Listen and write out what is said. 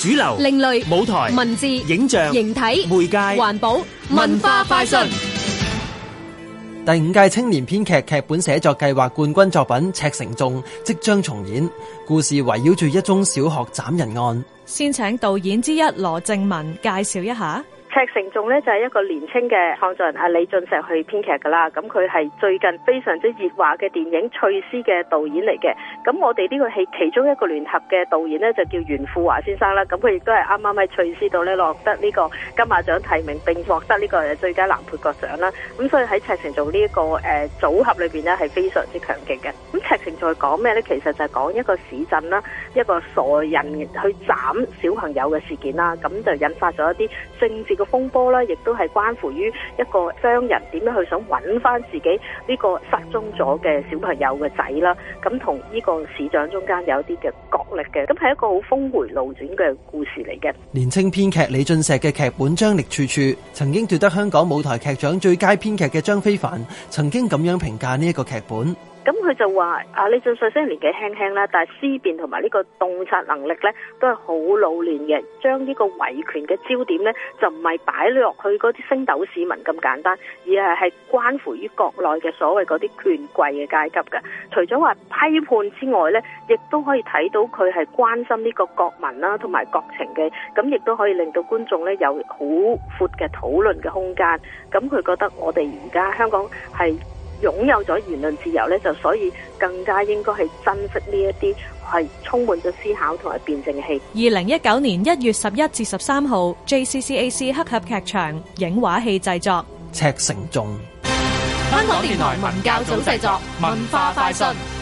主流、另類舞台、文字、影像、形體、媒介、環保、文化快訊。第五屆青年編劇劇本寫作計劃冠軍作品《赤城眾》即將重演，故事圍繞住一宗小學斬人案。先請導演之一羅正文介紹一下。《赤城仲咧就係、是、一個年青嘅創作人阿李俊石去編劇噶啦，咁佢係最近非常之熱話嘅電影《翠絲》嘅導演嚟嘅，咁我哋呢個係其中一個聯合嘅導演呢，就叫袁富華先生啦，咁佢亦都係啱啱喺《翠絲》度咧獲得呢個金馬獎提名，並獲得呢個最佳男配角獎啦，咁所以喺《赤城做呢一個誒組合裏邊呢，係非常之強勁嘅。咁《赤城頌》係講咩呢？其實就係講一個市鎮啦，一個傻人去斬小朋友嘅事件啦，咁就引發咗一啲政治嘅風波啦，亦都係關乎於一個商人點樣去想揾翻自己呢個失蹤咗嘅小朋友嘅仔啦。咁同呢個市長中間有啲嘅角力嘅，咁係一個好峰回路轉嘅故事嚟嘅。年青編劇李俊石嘅劇本張力處處，曾經奪得香港舞台劇獎最佳編劇嘅張飛帆，曾經咁樣評價呢一個劇本。咁佢就話：啊，李俊瑞雖然年紀輕輕啦，但係思辨同埋呢個洞察能力呢，都係好老練嘅。將呢個維權嘅焦點呢，就唔係擺落去嗰啲星斗市民咁簡單，而係係關乎於國內嘅所謂嗰啲權貴嘅階級嘅。除咗話批判之外呢，亦都可以睇到佢係關心呢個國民啦，同埋國情嘅。咁亦都可以令到觀眾呢有好闊嘅討論嘅空間。咁佢覺得我哋而家香港係擁有咗言論自由咧，就所以更加應該係珍惜呢一啲係充滿咗思考同埋辯證嘅戲。二零一九年一月十一至十三號，J C C A C 黑盒劇場影畫戲製作《赤誠中》。香港電台文教組製作，文化快訊。